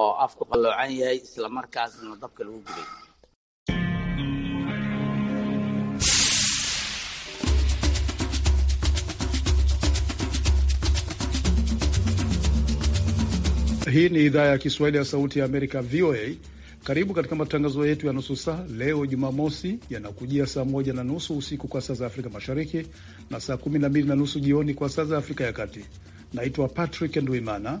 oo afku qalloocan yahay isla markaasna dabka lagu gubay. Hii ni idhaa ya Kiswahili ya Sauti ya Amerika, VOA. Karibu katika matangazo yetu ya nusu saa leo Jumamosi, yanakujia saa moja na nusu usiku kwa saa za Afrika Mashariki na saa kumi na mbili na nusu jioni kwa saa za Afrika ya Kati. Naitwa Patrick Ndwimana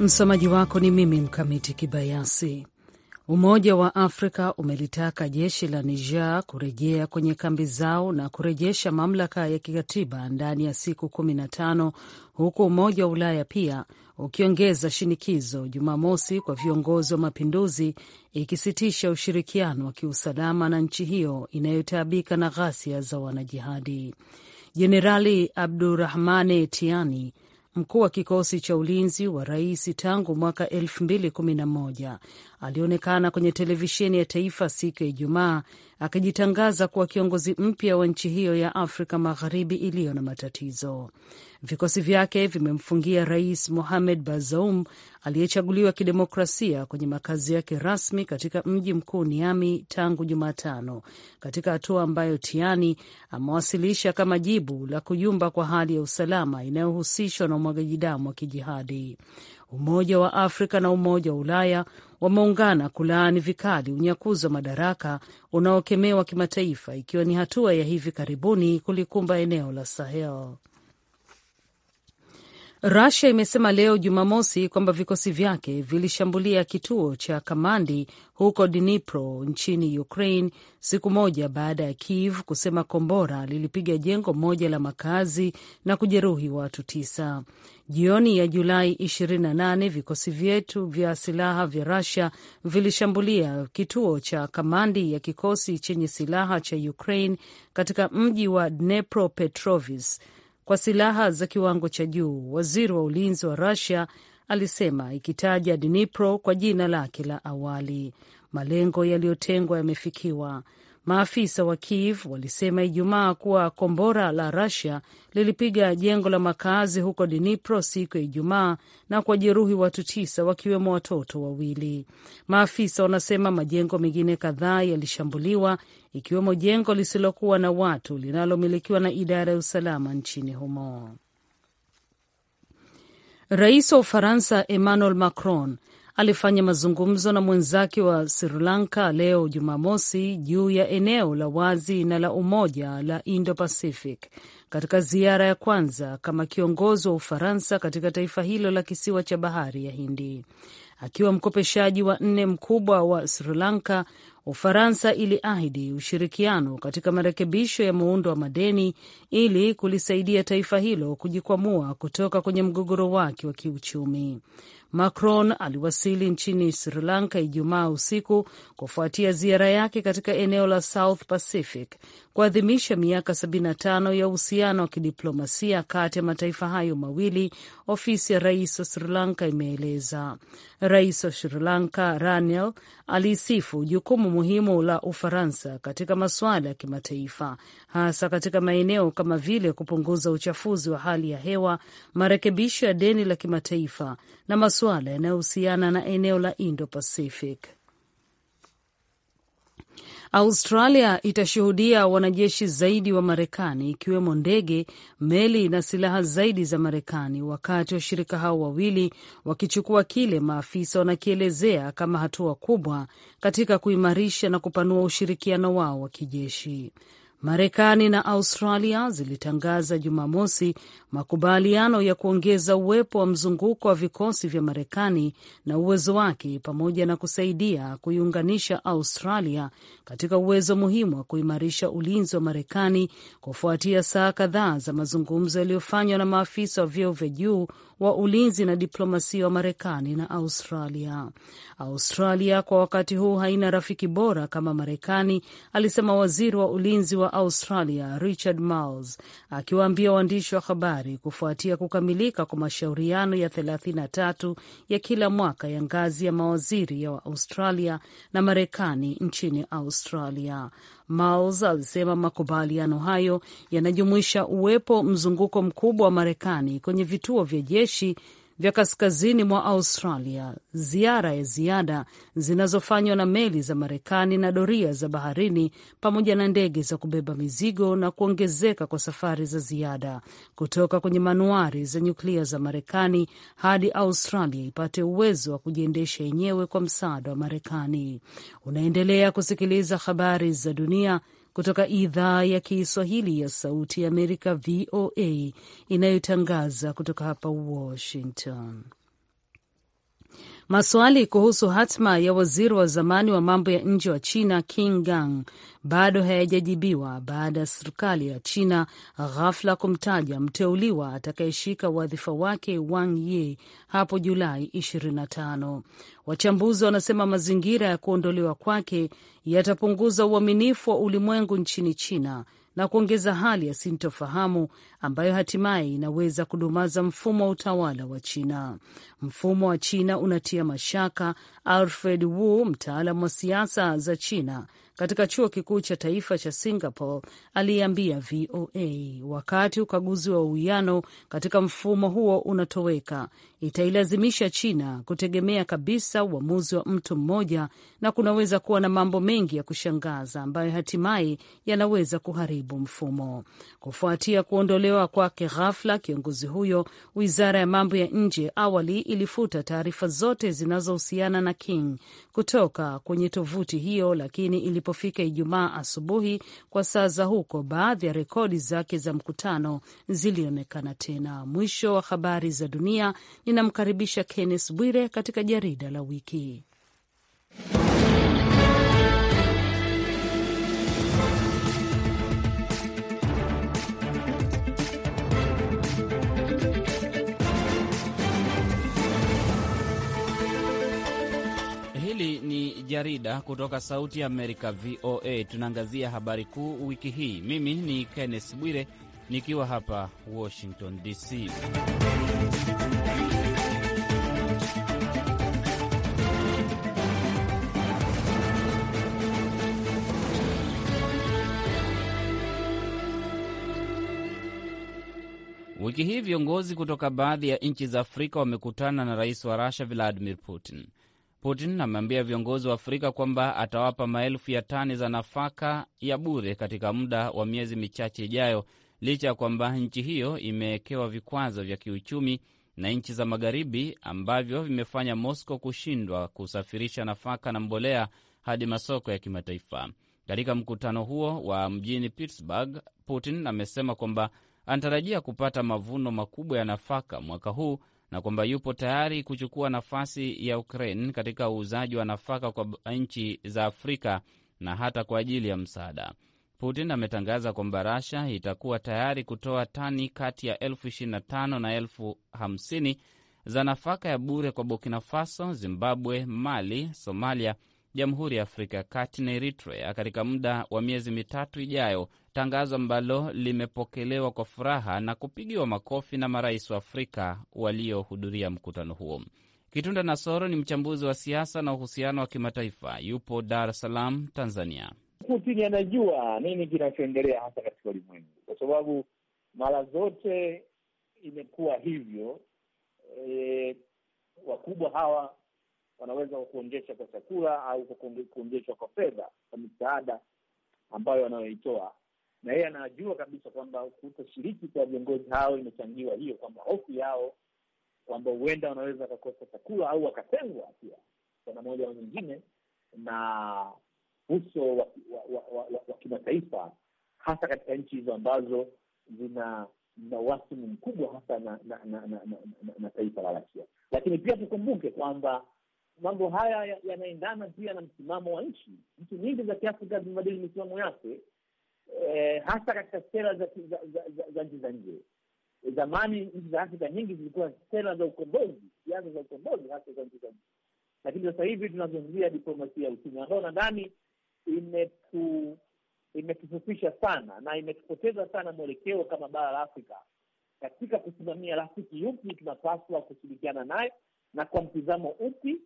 Msomaji wako ni mimi Mkamiti Kibayasi. Umoja wa Afrika umelitaka jeshi la Niger kurejea kwenye kambi zao na kurejesha mamlaka ya kikatiba ndani ya siku kumi na tano huku Umoja wa Ulaya pia ukiongeza shinikizo Jumamosi kwa viongozi wa mapinduzi ikisitisha ushirikiano wa kiusalama na nchi hiyo inayotaabika na ghasia za wanajihadi. Jenerali Abdurahmane Tiani mkuu wa kikosi cha ulinzi wa rais tangu mwaka 2011 alionekana kwenye televisheni ya taifa siku ya Ijumaa akijitangaza kuwa kiongozi mpya wa nchi hiyo ya Afrika Magharibi iliyo na matatizo. Vikosi vyake vimemfungia Rais Mohamed Bazoum aliyechaguliwa kidemokrasia kwenye makazi yake rasmi katika mji mkuu niami tangu Jumatano, katika hatua ambayo Tiani amewasilisha kama jibu la kuyumba kwa hali ya usalama inayohusishwa na umwagaji damu wa kijihadi. Umoja wa Afrika na Umoja wa Ulaya wameungana kulaani vikali unyakuzi wa madaraka unaokemewa kimataifa, ikiwa ni hatua ya hivi karibuni kulikumba eneo la Sahel rasia imesema leo Jumamosi kwamba vikosi vyake vilishambulia kituo cha kamandi huko Dnipro nchini Ukraine siku moja baada ya Kiev kusema kombora lilipiga jengo moja la makazi na kujeruhi watu tisa. Jioni ya Julai 28 vikosi vyetu vya silaha vya rasia vilishambulia kituo cha kamandi ya kikosi chenye silaha cha Ukraine katika mji wa Dnepropetrovsk kwa silaha za kiwango cha juu, waziri wa ulinzi wa Rusia alisema, ikitaja Dnipro kwa jina lake la awali. Malengo yaliyotengwa yamefikiwa. Maafisa wa Kiev walisema Ijumaa kuwa kombora la Rusia lilipiga jengo la makazi huko Dnipro siku ya Ijumaa na jeruhi watu tisa wakiwemo watoto wawili. Maafisa wanasema majengo mengine kadhaa yalishambuliwa ikiwemo jengo lisilokuwa na watu linalomilikiwa na idara ya usalama nchini humo. Rais wa Ufaransa Emmanuel Macron alifanya mazungumzo na mwenzake wa Sri Lanka leo Jumamosi juu ya eneo la wazi na la umoja la Indo-Pacific katika ziara ya kwanza kama kiongozi wa Ufaransa katika taifa hilo la kisiwa cha bahari ya Hindi. Akiwa mkopeshaji wa nne mkubwa wa Sri Lanka, Ufaransa iliahidi ushirikiano katika marekebisho ya muundo wa madeni ili kulisaidia taifa hilo kujikwamua kutoka kwenye mgogoro wake wa kiuchumi. Macron aliwasili nchini Sri Lanka Ijumaa usiku kufuatia ziara yake katika eneo la South Pacific kuadhimisha miaka 75 ya uhusiano wa kidiplomasia kati ya mataifa hayo mawili, ofisi ya rais wa Sri Lanka imeeleza. Rais wa Sri Lanka Ranil alisifu jukumu muhimu la Ufaransa katika masuala ya kimataifa, hasa katika maeneo kama vile kupunguza uchafuzi wa hali ya hewa, marekebisho ya deni la kimataifa na masuala yanayohusiana na eneo la Indo Pacific. Australia itashuhudia wanajeshi zaidi wa Marekani, ikiwemo ndege, meli na silaha zaidi za Marekani, wakati washirika hao wawili wakichukua kile maafisa wanakielezea kama hatua kubwa katika kuimarisha na kupanua ushirikiano wao wa kijeshi. Marekani na Australia zilitangaza Jumamosi makubaliano ya kuongeza uwepo wa mzunguko wa vikosi vya Marekani na uwezo wake pamoja na kusaidia kuiunganisha Australia katika uwezo muhimu wa kuimarisha ulinzi wa Marekani kufuatia saa kadhaa za mazungumzo yaliyofanywa na maafisa wa vyeo vya juu wa ulinzi na diplomasia wa Marekani na Australia. Australia kwa wakati huu haina rafiki bora kama Marekani, alisema waziri wa ulinzi wa Australia Richard Marles akiwaambia waandishi wa habari kufuatia kukamilika kwa mashauriano ya 33 ya kila mwaka ya ngazi ya mawaziri ya wa Australia na Marekani nchini Australia. Miles alisema makubaliano hayo yanajumuisha uwepo mzunguko mkubwa wa Marekani kwenye vituo vya jeshi vya kaskazini mwa Australia, ziara ya ziada zinazofanywa na meli za Marekani na doria za baharini pamoja na ndege za kubeba mizigo na kuongezeka kwa safari za ziada kutoka kwenye manuari za nyuklia za Marekani hadi Australia ipate uwezo wa kujiendesha yenyewe kwa msaada wa Marekani. Unaendelea kusikiliza habari za dunia kutoka idhaa ya Kiswahili ya Sauti ya Amerika, VOA, inayotangaza kutoka hapa Washington. Maswali kuhusu hatma ya waziri wa zamani wa mambo ya nje wa China king Gang bado hayajajibiwa baada ya serikali ya China ghafla kumtaja mteuliwa atakayeshika wadhifa wake Wang Yi hapo Julai 25. Wachambuzi wanasema mazingira ya kuondolewa kwake yatapunguza uaminifu wa ulimwengu nchini China na kuongeza hali ya sintofahamu ambayo hatimaye inaweza kudumaza mfumo wa utawala wa China. Mfumo wa China unatia mashaka, Alfred Wu, mtaalamu wa siasa za China katika chuo kikuu cha taifa cha Singapore aliyeambia VOA wakati ukaguzi wa uwiano katika mfumo huo unatoweka, itailazimisha China kutegemea kabisa uamuzi wa mtu mmoja, na kunaweza kuwa na mambo mengi ya kushangaza ambayo hatimaye yanaweza kuharibu mfumo. Kufuatia kuondolewa kwake ghafla kiongozi huyo, wizara ya mambo ya nje awali ilifuta taarifa zote zinazohusiana na King kutoka kwenye tovuti hiyo, lakini ili ilipofika Ijumaa asubuhi kwa saa za huko, baadhi ya rekodi zake za mkutano zilionekana tena. Mwisho wa habari za dunia. Ninamkaribisha Kenneth Bwire katika jarida la wiki. Hili ni jarida kutoka Sauti ya Amerika, VOA. Tunaangazia habari kuu wiki hii. Mimi ni Kenneth Bwire nikiwa hapa Washington DC. Wiki hii viongozi kutoka baadhi ya nchi za Afrika wamekutana na rais wa Rusia Vladimir Putin. Putin ameambia viongozi wa Afrika kwamba atawapa maelfu ya tani za nafaka ya bure katika muda wa miezi michache ijayo, licha ya kwamba nchi hiyo imewekewa vikwazo vya kiuchumi na nchi za magharibi ambavyo vimefanya Moscow kushindwa kusafirisha nafaka na mbolea hadi masoko ya kimataifa. Katika mkutano huo wa mjini Pittsburgh, Putin amesema kwamba anatarajia kupata mavuno makubwa ya nafaka mwaka huu na kwamba yupo tayari kuchukua nafasi ya Ukraine katika uuzaji wa nafaka kwa nchi za Afrika na hata kwa ajili ya msaada. Putin ametangaza kwamba Rasha itakuwa tayari kutoa tani kati ya elfu 25 na elfu 50 za nafaka ya bure kwa Burkina Faso, Zimbabwe, Mali, Somalia Jamhuri ya Afrika ya Kati na Eritrea katika muda wa miezi mitatu ijayo, tangazo ambalo limepokelewa kwa furaha na kupigiwa makofi na marais wa Afrika waliohudhuria mkutano huo. Kitunda Nasoro ni mchambuzi wa siasa na uhusiano wa kimataifa, yupo Dar es Salaam, Tanzania. Putin anajua nini kinachoendelea hasa katika ulimwengu, kwa sababu mara zote imekuwa hivyo. E, wakubwa hawa wanaweza kuonjesha kwa chakula au kuonjeshwa kwa fedha kwa misaada ambayo wanayoitoa, na yeye anajua kabisa kwamba kutoshiriki kwa viongozi hao imechangiwa hiyo, kwamba hofu yao kwamba huenda wanaweza wakakosa chakula au wakatengwa pia kwa moja au nyingine na uso wa, wa, wa, wa, wa, wa kimataifa, hasa katika nchi hizo ambazo zina na wasimu mkubwa hasa na, na, na, na, na, na, na taifa la Rasia. Lakini pia tukumbuke kwamba mambo haya yanaendana pia na msimamo wa nchi. Nchi nyingi za Kiafrika zimebadili misimamo yake, e, hasa katika sera za nchi za, za, za, nchi za nje. Zamani nchi za Afrika nyingi zilikuwa sera za ukombozi, siasa za ukombozi, hasa za nchi za nje, lakini sasa hivi tunazungumzia diplomasia ya uchumi ambayo nadhani imetu imetufufisha sana na imetupoteza sana mwelekeo kama bara la Afrika katika kusimamia rafiki yupi tunapaswa kushirikiana naye na kwa mtizamo upi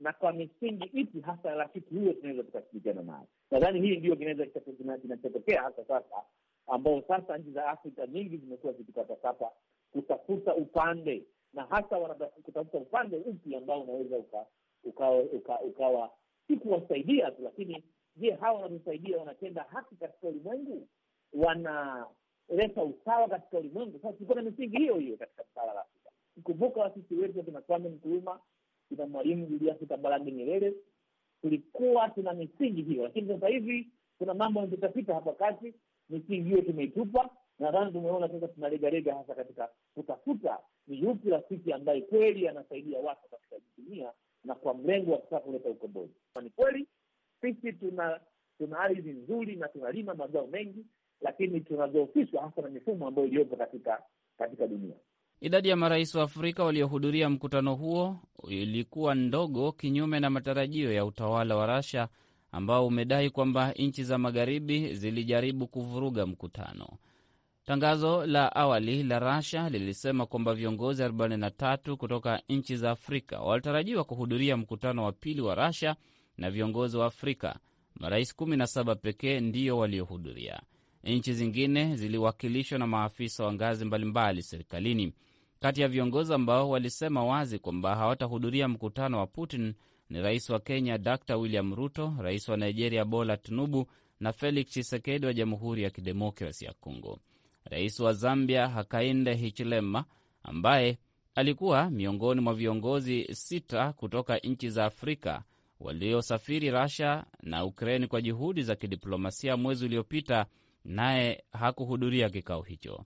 na kwa misingi ipi hasa rafiki huyo tunaweza tukashirikiana naye. Nadhani hii ndio kinaweza kinachotokea hasa sasa, ambao sasa nchi za Afrika nyingi zimekuwa zikikatakata kutafuta upande na hasa wanakutafuta upande upi ambao unaweza uka, ukawa uka, si kuwasaidia tu, lakini je, hawa wanaosaidia wanatenda haki katika ulimwengu? Wanaleta usawa katika ulimwengu? Sasa tulikuwa na misingi hiyo hiyo katika bara la Afrika. Kumbuka sisi wetu wakina Kwame Nkrumah ya Mwalimu Julius Kambarage Nyerere. Tulikuwa tuna misingi hiyo, lakini sasa hivi kuna mambo yanapitapita hapa kati. Misingi hiyo tumeitupa, nadhani tumeona sasa tunalegalega hasa katika kutafuta ni yupi rafiki ambaye kweli anasaidia watu katika dunia na kwa mlengo wa kutaka kuleta ukombozi. Ni kweli sisi tuna tuna ardhi nzuri na tunalima mazao mengi, lakini tunazoofishwa hasa na mifumo ambayo iliyopo katika katika dunia. Idadi ya marais wa Afrika waliohudhuria mkutano huo ilikuwa ndogo, kinyume na matarajio ya utawala wa rasha ambao umedai kwamba nchi za magharibi zilijaribu kuvuruga mkutano. Tangazo la awali la rasha lilisema kwamba viongozi 43 kutoka nchi za Afrika walitarajiwa kuhudhuria mkutano wa pili wa rasha na viongozi wa Afrika. Marais 17 pekee ndiyo waliohudhuria. Nchi zingine ziliwakilishwa na maafisa wa ngazi mbalimbali serikalini. Kati ya viongozi ambao walisema wazi kwamba hawatahudhuria mkutano wa Putin ni rais wa Kenya Dr William Ruto, rais wa Nigeria Bola Tinubu na Felix chisekedi wa Jamhuri ya Kidemokrasi ya Kongo. Rais wa Zambia Hakainde Hichilema ambaye alikuwa miongoni mwa viongozi sita kutoka nchi za Afrika waliosafiri Russia na Ukraini kwa juhudi za kidiplomasia mwezi uliopita naye hakuhudhuria kikao hicho.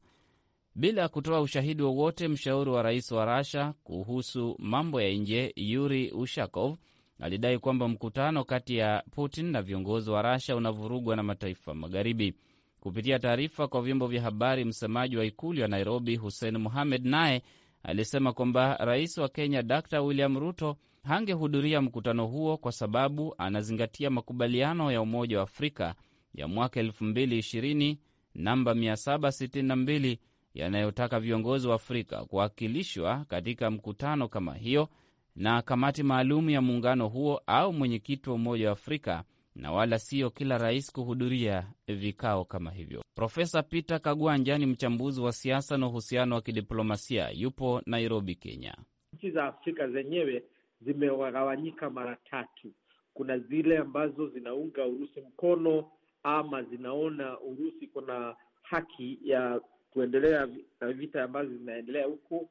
Bila kutoa ushahidi wowote, mshauri wa rais wa Rasha kuhusu mambo ya nje Yuri Ushakov alidai kwamba mkutano kati ya Putin na viongozi wa Rasha unavurugwa na mataifa magharibi. Kupitia taarifa kwa vyombo vya habari, msemaji wa ikulu ya Nairobi Hussein Mohamed naye alisema kwamba rais wa Kenya Dr William Ruto hangehudhuria mkutano huo kwa sababu anazingatia makubaliano ya Umoja wa Afrika ya mwaka 2020 namba 762 yanayotaka viongozi wa Afrika kuwakilishwa katika mkutano kama hiyo na kamati maalum ya muungano huo au mwenyekiti wa Umoja wa Afrika, na wala siyo kila rais kuhudhuria vikao kama hivyo. Profesa Peter Kagwanja ni mchambuzi wa siasa na uhusiano wa kidiplomasia, yupo Nairobi, Kenya. Nchi za Afrika zenyewe zimegawanyika mara tatu. Kuna zile ambazo zinaunga Urusi mkono ama zinaona Urusi kuna haki ya kuendelea na eh, vita ambazo zinaendelea huko.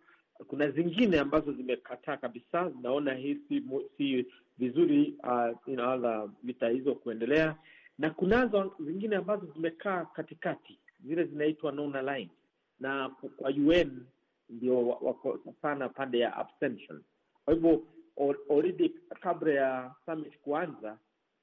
Kuna zingine ambazo zimekataa kabisa, zinaona hii si vizuri uh, ah, inaanza vita hizo kuendelea, na kunazo zingine ambazo zimekaa katikati, zile zinaitwa non-aligned, na kwa UN ndio wako sana pande ya abstention. Kwa hivyo already kabla ya summit kuanza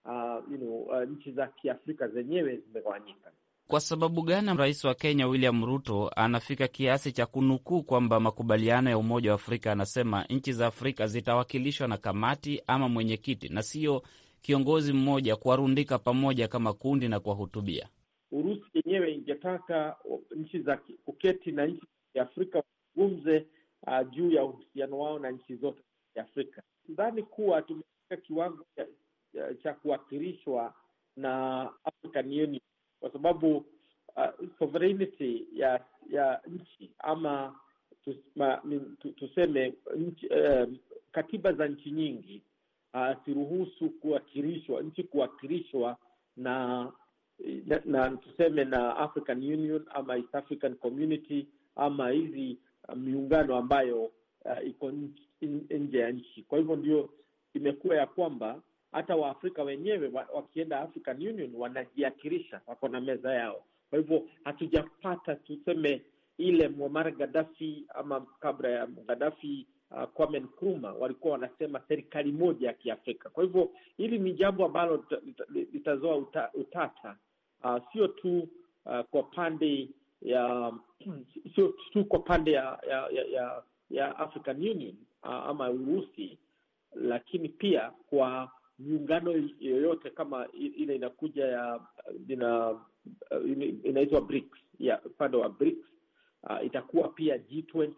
uh, you know, uh, nchi za Kiafrika zenyewe zimegawanyika. Kwa sababu gani rais wa Kenya William Ruto anafika kiasi cha kunukuu kwamba makubaliano ya Umoja wa Afrika anasema nchi za Afrika zitawakilishwa na kamati ama mwenyekiti na sio kiongozi mmoja kuwarundika pamoja kama kundi na kuwahutubia? Urusi yenyewe ingetaka nchi za kuketi na nchi za Afrika wazungumze uh, juu ya uhusiano wao na nchi zote za kiafrika. Sidhani kuwa tumefika kiwango Eh, cha kuwakilishwa na African Union kwa sababu uh, sovereignty ya ya nchi ama tus, ma, tuseme nchi, eh, katiba za nchi nyingi uh, siruhusu kuwakilishwa nchi kuwakilishwa na na, na tuseme na African Union ama East African Community ama hizi miungano ambayo uh, iko nje ya nchi. Kwa hivyo ndio imekuwa ya kwamba hata Waafrika wenyewe wakienda African Union wanajiakirisha, wako na meza yao. Kwa hivyo hatujapata tuseme ile Muammar gadafi ama kabra ya gadafi uh, Kwame nkruma walikuwa wanasema serikali moja ya Kiafrika. Kwa hivyo hili ni jambo ambalo litazoa uta, utata uh, sio tu uh, kwa pande ya sio tu kwa pande ya ya, ya ya African Union uh, ama Urusi, lakini pia kwa miungano yoyote kama ile inakuja ya ina, inaitwa BRICS ya upande wa BRICS uh, itakuwa pia G20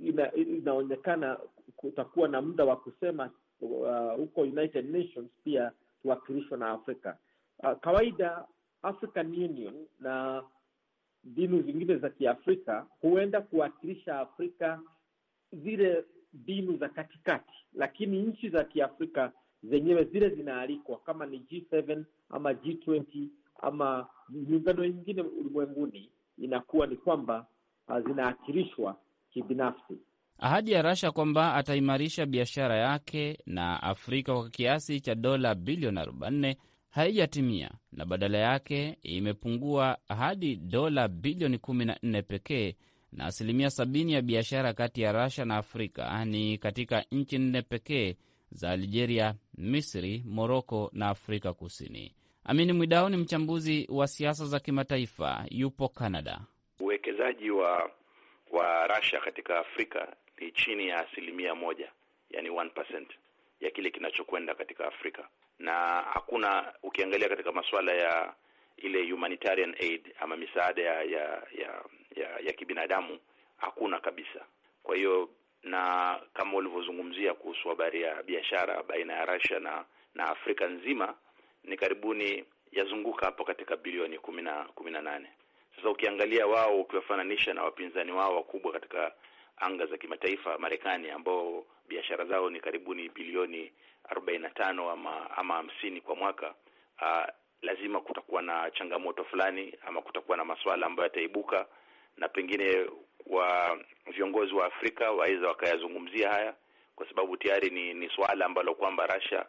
ina, inaonekana kutakuwa na muda wa kusema uh, huko United Nations pia tuwakilishwa na Afrika. Uh, kawaida African Union na dini zingine za Kiafrika huenda kuwakilisha Afrika zile dini za katikati, lakini nchi za Kiafrika zenyewe zile zinaalikwa kama ni G7 ama G20 ama miungano mingine ulimwenguni, inakuwa ni kwamba ah, zinaakilishwa kibinafsi. Ahadi ya Rasha kwamba ataimarisha biashara yake na Afrika kwa kiasi cha dola bilioni 44 haijatimia na badala yake imepungua hadi dola bilioni 14 pekee, na asilimia 70 ya biashara kati ya Rasha na Afrika ni katika nchi nne pekee za Algeria, Misri, Moroko na Afrika Kusini. Amini Mwidau ni mchambuzi wa siasa za kimataifa, yupo Canada. Uwekezaji wa wa Russia katika Afrika ni chini ya asilimia moja, yani 1% ya kile kinachokwenda katika Afrika, na hakuna ukiangalia katika masuala ya ile humanitarian aid ama misaada ya ya ya, ya, ya kibinadamu hakuna kabisa. Kwa hiyo na kama ulivyozungumzia kuhusu habari ya biashara baina ya Russia na na Afrika nzima ni karibuni yazunguka hapo katika bilioni kumi na kumi na nane. Sasa ukiangalia wao, ukiwafananisha na wapinzani wao wakubwa katika anga za kimataifa, Marekani ambao biashara zao ni karibuni bilioni arobaini na tano ama ama hamsini kwa mwaka aa, lazima kutakuwa na changamoto fulani ama kutakuwa na masuala ambayo yataibuka na pengine wa viongozi wa Afrika waweza wakayazungumzia haya, kwa sababu tayari ni, ni suala ambalo kwamba Russia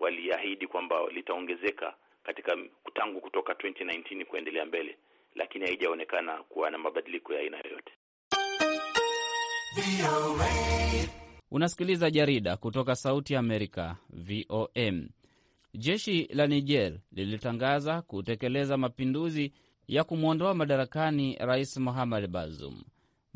waliahidi kwamba litaongezeka katika tangu kutoka 2019 kuendelea mbele, lakini haijaonekana kuwa na mabadiliko ya aina yoyote. Unasikiliza jarida kutoka Sauti ya Amerika, VOM. Jeshi la Niger lilitangaza kutekeleza mapinduzi ya kumwondoa madarakani Rais Mohamed Bazoum.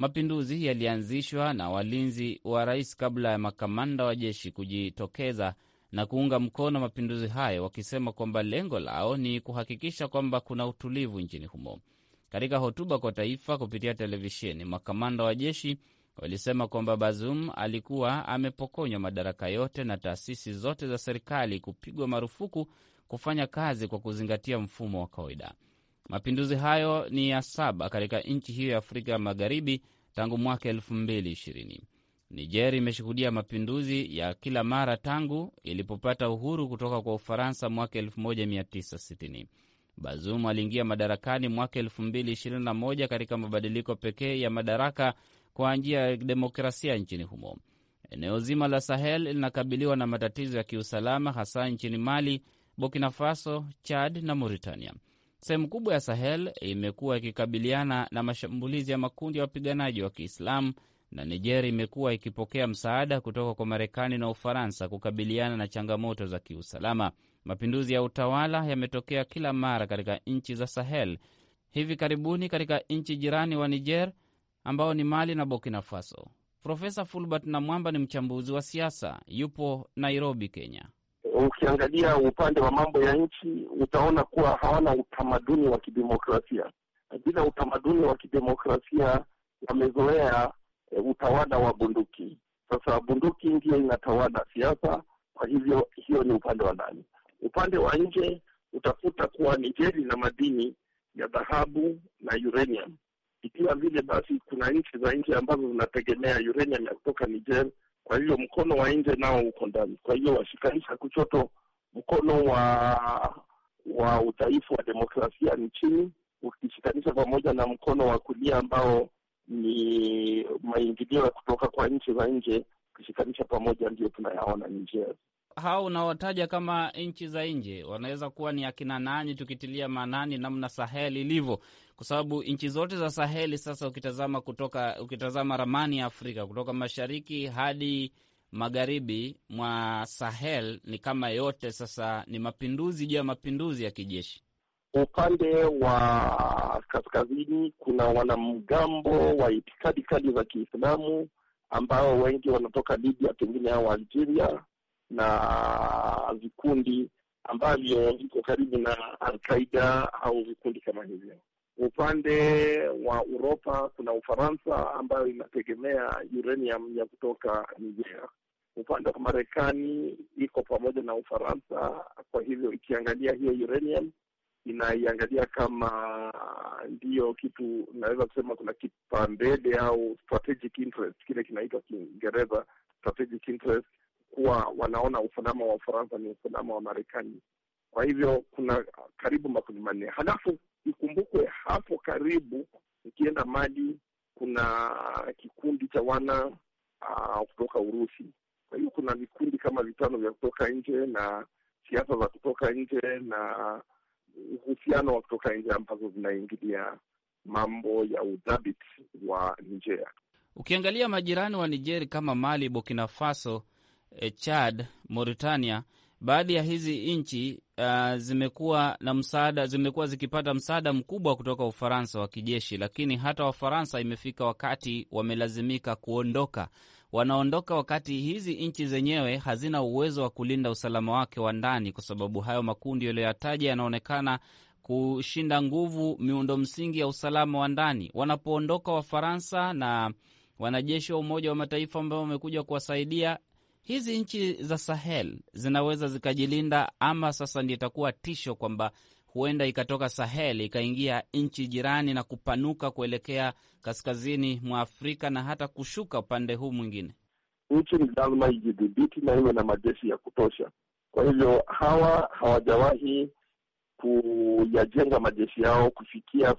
Mapinduzi yalianzishwa na walinzi wa rais kabla ya makamanda wa jeshi kujitokeza na kuunga mkono mapinduzi hayo, wakisema kwamba lengo lao ni kuhakikisha kwamba kuna utulivu nchini humo. Katika hotuba kwa taifa kupitia televisheni, makamanda wa jeshi walisema kwamba Bazoum alikuwa amepokonywa madaraka yote na taasisi zote za serikali kupigwa marufuku kufanya kazi kwa kuzingatia mfumo wa kawaida. Mapinduzi hayo ni ya saba katika nchi hiyo ya Afrika Magharibi tangu mwaka elfu mbili ishirini. Niger imeshuhudia mapinduzi ya kila mara tangu ilipopata uhuru kutoka kwa Ufaransa mwaka 1960. Bazoum aliingia madarakani mwaka 2021 katika mabadiliko pekee ya madaraka kwa njia ya demokrasia nchini humo. Eneo zima la Sahel linakabiliwa na matatizo ya kiusalama, hasa nchini Mali, Burkina Faso, Chad na Mauritania. Sehemu kubwa ya Sahel imekuwa ikikabiliana na mashambulizi ya makundi ya wapiganaji wa Kiislamu na Niger imekuwa ikipokea msaada kutoka kwa Marekani na Ufaransa kukabiliana na changamoto za kiusalama. Mapinduzi ya utawala yametokea kila mara katika nchi za Sahel, hivi karibuni katika nchi jirani wa Niger ambao ni Mali na Burkina Faso. Profesa Fulbert Namwamba ni mchambuzi wa siasa, yupo Nairobi, Kenya ukiangalia upande wa mambo ya nchi utaona kuwa hawana utamaduni wa kidemokrasia. Bila utamaduni wa kidemokrasia wamezoea e, utawala wa bunduki. Sasa bunduki ndiyo inatawala siasa, kwa hivyo hiyo ni upande wa ndani. Upande wa nje utakuta kuwa ni jeli na madini ya dhahabu na uranium. Ikiwa vile basi, kuna nchi za nje ambazo zinategemea uranium ya kutoka Niger kwa hiyo mkono wa nje nao uko ndani, kwa hiyo washikanisha kuchoto mkono wa wa udhaifu wa demokrasia nchini ukishikanisha pamoja na mkono wa kulia ambao ni maingilio ya kutoka kwa nchi za nje, ukishikanisha pamoja, ndiyo tunayaona ni njia hao unaowataja kama nchi za nje wanaweza kuwa ni akina nani, tukitilia maanani namna Sahel ilivyo, kwa sababu nchi zote za Saheli sasa, ukitazama kutoka, ukitazama ramani ya Afrika kutoka mashariki hadi magharibi mwa Sahel ni kama yote sasa ni mapinduzi juu ya mapinduzi ya kijeshi. Upande wa kaskazini kuna wanamgambo wa itikadi kali za Kiislamu ambao wengi wanatoka Libya, pengine au Algeria na vikundi ambavyo viko karibu na Alqaida au vikundi kama hivyo. Upande wa Uropa kuna Ufaransa ambayo inategemea uranium ya kutoka niger Upande wa Marekani iko pamoja na Ufaransa, kwa hivyo ikiangalia hiyo uranium inaiangalia kama ndiyo kitu naweza kusema kuna kipambele au strategic interest, kile kinaitwa Kiingereza strategic interest kuwa wanaona usalama wa Ufaransa ni usalama wa Marekani. Kwa hivyo kuna karibu makundi manne. Halafu ikumbukwe hapo karibu, ikienda Mali, kuna kikundi cha wana uh, kutoka Urusi. Kwa hiyo kuna vikundi kama vitano vya kutoka nje na siasa za kutoka nje na uhusiano wa kutoka nje ambazo zinaingilia mambo ya udhabiti wa Nigeria. Ukiangalia majirani wa Niger kama Mali, Burkina Faso Eh, Chad, Mauritania, baadhi ya hizi nchi uh, zimekuwa na msaada, zimekuwa zikipata msaada mkubwa kutoka Ufaransa wa kijeshi, lakini hata Wafaransa imefika wakati wamelazimika kuondoka. Wanaondoka wakati hizi nchi zenyewe hazina uwezo wa kulinda usalama wake wa ndani, kwa sababu hayo makundi yaliyoyataja yanaonekana kushinda nguvu miundo msingi ya usalama wa ndani. Wanapoondoka Wafaransa na wanajeshi wa Umoja wa Mataifa ambao wamekuja kuwasaidia, hizi nchi za Sahel zinaweza zikajilinda, ama sasa ndio itakuwa tisho kwamba huenda ikatoka Sahel ikaingia nchi jirani na kupanuka kuelekea kaskazini mwa Afrika na hata kushuka upande huu mwingine. Nchi ni lazima ijidhibiti na iwe na majeshi ya kutosha. Kwa hivyo hawa hawajawahi kuyajenga majeshi yao kufikia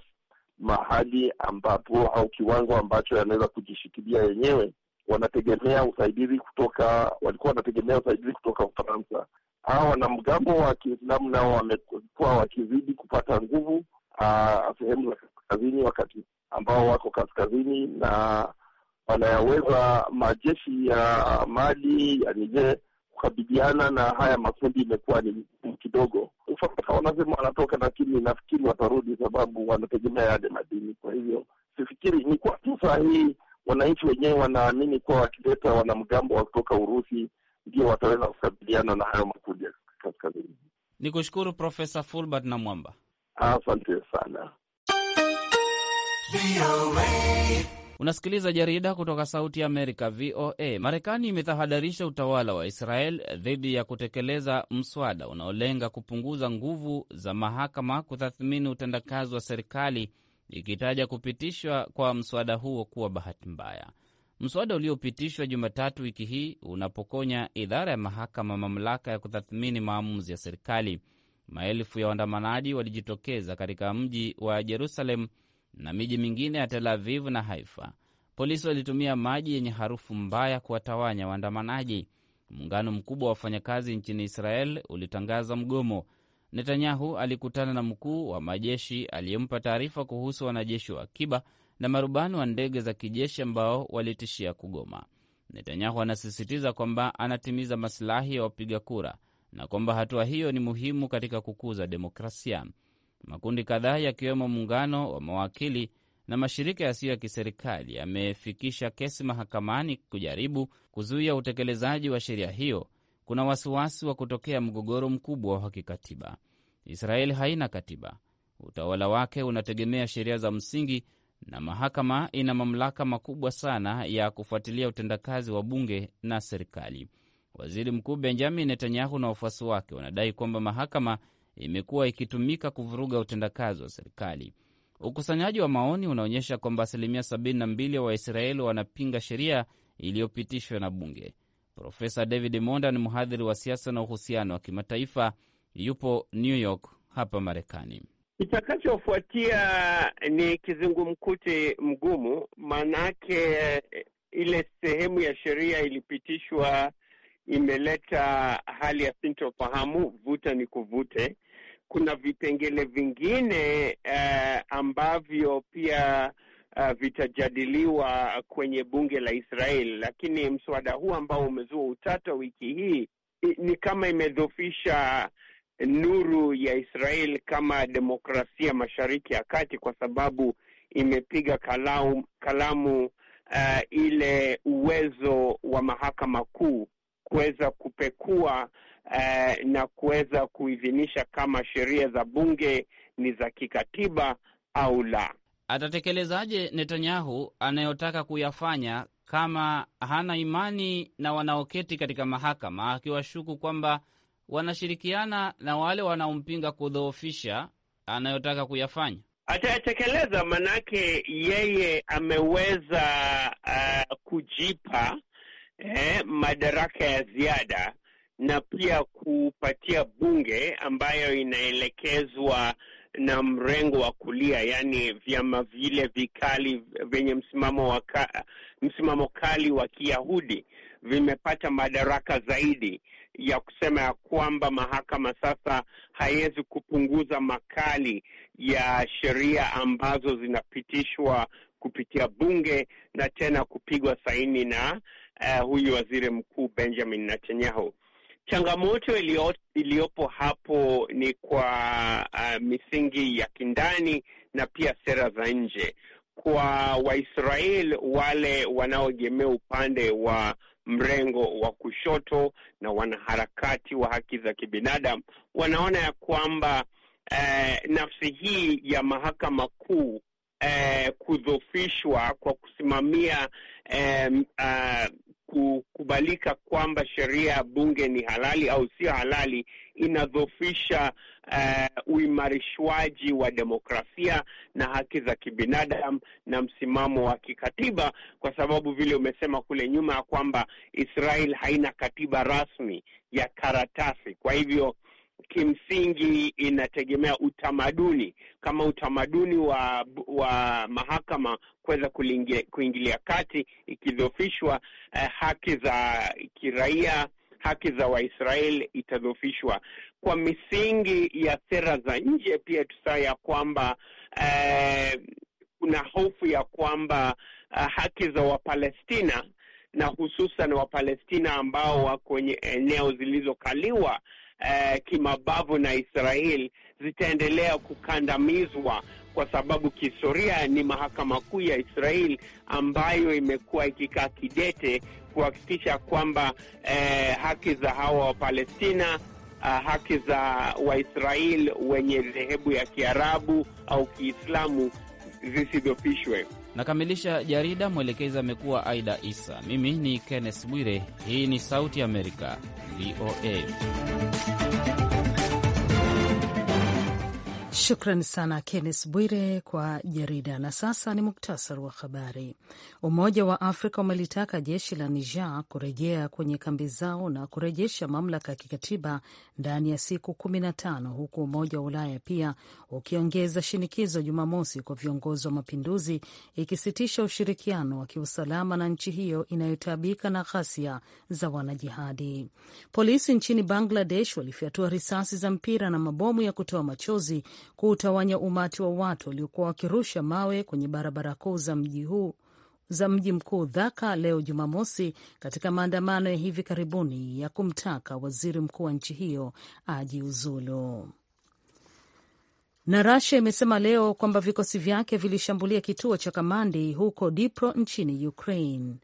mahali ambapo au kiwango ambacho yanaweza kujishikilia yenyewe wanategemea usaidizi kutoka walikuwa wanategemea usaidizi kutoka Ufaransa. Hawa wanamgambo wa Kiislamu nao wamekuwa wakizidi kupata nguvu ah, sehemu za kaskazini, wakati ambao wako kaskazini na wanayaweza majeshi ya Mali ya Niger kukabiliana na haya makundi, imekuwa ni kidogo. Ufaransa wanasema wanatoka, lakini nafikiri watarudi, sababu wanategemea yale madini. Kwa hivyo sifikiri ni kwa tu saa hii wananchi wenyewe wanaamini kuwa wakileta wanamgambo wa kutoka Urusi ndio wataweza kukabiliana na hayo makundi ya kaskazini. Ni kushukuru Profesa Fulbert na Mwamba, asante sana. Unasikiliza jarida kutoka Sauti ya Amerika, VOA. Marekani imetahadharisha utawala wa Israel dhidi ya kutekeleza mswada unaolenga kupunguza nguvu za mahakama kutathmini utendakazi wa serikali ikitaja kupitishwa kwa mswada huo kuwa bahati mbaya. Mswada uliopitishwa Jumatatu wiki hii unapokonya idara ya mahakama mamlaka ya kutathmini maamuzi ya serikali. Maelfu ya waandamanaji walijitokeza katika mji wa Jerusalem na miji mingine ya Tel Aviv na Haifa. Polisi walitumia maji yenye harufu mbaya kuwatawanya waandamanaji. Muungano mkubwa wa wafanyakazi nchini Israel ulitangaza mgomo. Netanyahu alikutana na mkuu wa majeshi aliyempa taarifa kuhusu wanajeshi wa akiba na marubani wa ndege za kijeshi ambao walitishia kugoma. Netanyahu anasisitiza kwamba anatimiza masilahi ya wapiga kura na kwamba hatua hiyo ni muhimu katika kukuza demokrasia. Makundi kadhaa yakiwemo muungano wa mawakili na mashirika yasiyo ya kiserikali yamefikisha kesi mahakamani kujaribu kuzuia utekelezaji wa sheria hiyo kuna wasiwasi wa kutokea mgogoro mkubwa wa kikatiba. Israeli haina katiba, utawala wake unategemea sheria za msingi, na mahakama ina mamlaka makubwa sana ya kufuatilia utendakazi wa bunge na serikali. Waziri Mkuu Benjamin Netanyahu na wafuasi wake wanadai kwamba mahakama imekuwa ikitumika kuvuruga utendakazi wa serikali. Ukusanyaji wa maoni unaonyesha kwamba asilimia 72 ya Waisraeli wanapinga sheria iliyopitishwa na bunge. Profesa David Monda ni mhadhiri wa siasa na uhusiano wa kimataifa, yupo New York hapa Marekani. Kitakachofuatia ni kizungumkuti mgumu, maanake eh, ile sehemu ya sheria ilipitishwa imeleta hali ya sintofahamu, vuta ni kuvute. Kuna vipengele vingine eh, ambavyo pia uh, vitajadiliwa kwenye bunge la Israel, lakini mswada huu ambao umezua utata wiki hii ni kama imedhofisha nuru ya Israel kama demokrasia Mashariki ya Kati kwa sababu imepiga kalamu, kalamu uh, ile uwezo wa mahakama kuu kuweza kupekua uh, na kuweza kuidhinisha kama sheria za bunge ni za kikatiba au la. Atatekelezaje Netanyahu anayotaka kuyafanya kama hana imani na wanaoketi katika mahakama, akiwashuku kwamba wanashirikiana na wale wanaompinga kudhoofisha anayotaka kuyafanya? Atayatekeleza, manake yeye ameweza uh, kujipa eh, madaraka ya ziada na pia kupatia bunge ambayo inaelekezwa na mrengo wa kulia, yaani vyama vile vikali vyenye msimamo wa msimamo kali wa Kiyahudi vimepata madaraka zaidi ya kusema ya kwamba mahakama sasa haiwezi kupunguza makali ya sheria ambazo zinapitishwa kupitia bunge na tena kupigwa saini na uh, huyu waziri mkuu Benjamin Netanyahu. Changamoto iliyo, iliyopo hapo ni kwa uh, misingi ya kindani na pia sera za nje. Kwa Waisrael wale wanaoegemea upande wa mrengo wa kushoto na wanaharakati wa haki za kibinadamu wanaona ya kwamba eh, nafsi hii ya mahakama kuu eh, kudhofishwa kwa kusimamia eh, uh, kukubalika kwamba sheria ya bunge ni halali au sio halali inadhofisha uh, eh, uimarishwaji wa demokrasia na haki za kibinadamu na msimamo wa kikatiba, kwa sababu vile umesema kule nyuma ya kwamba Israel haina katiba rasmi ya karatasi. Kwa hivyo kimsingi inategemea utamaduni, kama utamaduni wa wa mahakama kuweza kuingilia kati ikidhofishwa, eh, haki za kiraia haki za Waisraeli itadhofishwa kwa misingi ya sera za nje. Pia tusaa ya kwamba eh, kuna hofu ya kwamba eh, haki za Wapalestina na hususan Wapalestina ambao wako kwenye eneo zilizokaliwa eh, kimabavu na Israel zitaendelea kukandamizwa kwa sababu kihistoria ni mahakama kuu ya Israel ambayo imekuwa ikikaa kidete kuhakikisha kwamba eh, haki za hawa Wapalestina ah, haki za Waisrael wenye dhehebu ya Kiarabu au Kiislamu zisidopishwe Nakamilisha jarida. Mwelekezi amekuwa Aida Isa. Mimi ni Kenneth Bwire. Hii ni Sauti Amerika, VOA. Shukran sana Kennes Bwire kwa jarida. Na sasa ni muktasari wa habari. Umoja wa Afrika umelitaka jeshi la Niger kurejea kwenye kambi zao na kurejesha mamlaka ya kikatiba ndani ya siku kumi na tano, huku Umoja wa Ulaya pia ukiongeza shinikizo Jumamosi kwa viongozi wa mapinduzi, ikisitisha ushirikiano wa kiusalama na nchi hiyo inayotabika na ghasia za wanajihadi. Polisi nchini Bangladesh walifyatua risasi za mpira na mabomu ya kutoa machozi kuutawanya umati wa watu waliokuwa wakirusha mawe kwenye barabara kuu za mji huu za mji mkuu Dhaka leo Jumamosi, katika maandamano ya hivi karibuni ya kumtaka waziri mkuu wa nchi hiyo ajiuzulu. Na rasia imesema leo kwamba vikosi vyake vilishambulia kituo cha kamandi huko dipro nchini Ukraine.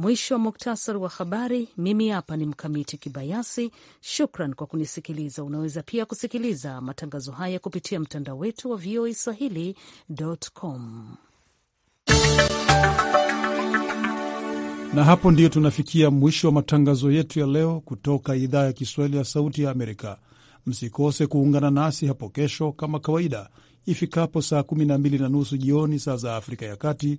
Mwisho wa muktasari wa habari. Mimi hapa ni Mkamiti Kibayasi, shukran kwa kunisikiliza. Unaweza pia kusikiliza matangazo haya kupitia mtandao wetu wa VOA Swahili.com. Na hapo ndiyo tunafikia mwisho wa matangazo yetu ya leo kutoka idhaa ya Kiswahili ya Sauti ya Amerika. Msikose kuungana nasi hapo kesho kama kawaida ifikapo saa 12 na nusu jioni saa za Afrika ya Kati